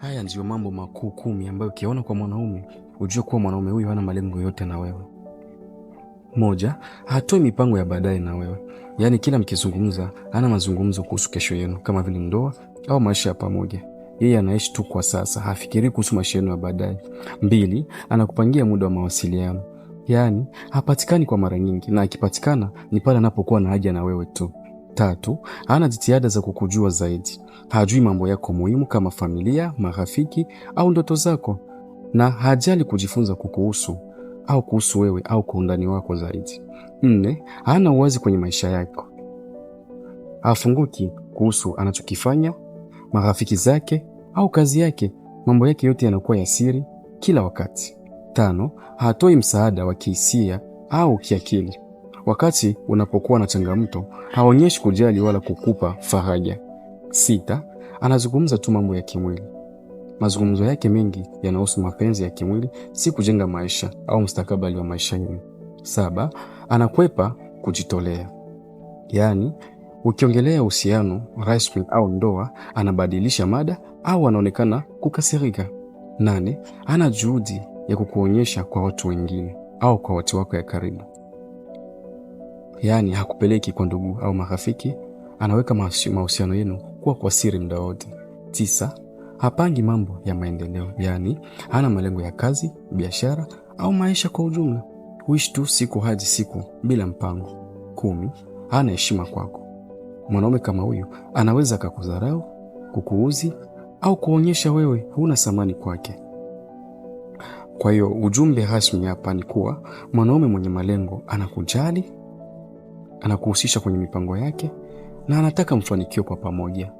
Haya ndiyo mambo makuu kumi ambayo ukiona kwa mwanaume ujue kuwa mwanaume huyu hana malengo yote na wewe. Moja, hatoi mipango ya baadaye na wewe, yaani kila mkizungumza hana mazungumzo kuhusu kesho yenu kama vile ndoa au maisha ya pamoja. Yeye anaishi tu kwa sasa, hafikirii kuhusu maisha yenu ya baadaye. Mbili, anakupangia muda wa mawasiliano, yaani hapatikani kwa mara nyingi, na akipatikana ni pale anapokuwa na haja na wewe tu. Tatu, hana jitihada za kukujua zaidi. Hajui mambo yako muhimu kama familia, marafiki au ndoto zako, na hajali kujifunza kukuhusu au kuhusu wewe au kwa undani wako zaidi. Nne, hana uwazi kwenye maisha yako, hafunguki kuhusu anachokifanya, marafiki zake au kazi yake. Mambo yake yote yanakuwa ya siri kila wakati. Tano, hatoi msaada wa kihisia au kiakili. Wakati unapokuwa na changamoto, haonyeshi kujali wala kukupa faraja. Sita, anazungumza tu mambo ya kimwili. Mazungumzo yake mengi yanahusu mapenzi ya kimwili, si kujenga maisha au mustakabali wa maisha yenu. Saba, anakwepa kujitolea, yaani ukiongelea uhusiano rasmi au ndoa anabadilisha mada au anaonekana kukasirika. Nane, ana juhudi ya kukuonyesha kwa watu wengine au kwa watu wako ya karibu yaani hakupeleki kwa ndugu au marafiki, anaweka mahusiano yenu kuwa kwa siri mda wote. Tisa, hapangi mambo ya maendeleo, yaani hana malengo ya kazi, biashara au maisha kwa ujumla, huishi tu siku hadi siku bila mpango. Kumi, hana heshima kwako. Mwanaume kama huyu anaweza akakudharau, kukuuzi au kuonyesha wewe huna thamani kwake. Kwa hiyo ujumbe rasmi hapa ni kuwa mwanaume mwenye malengo anakujali, anakuhusisha kwenye mipango yake na anataka mfanikiwe kwa pamoja.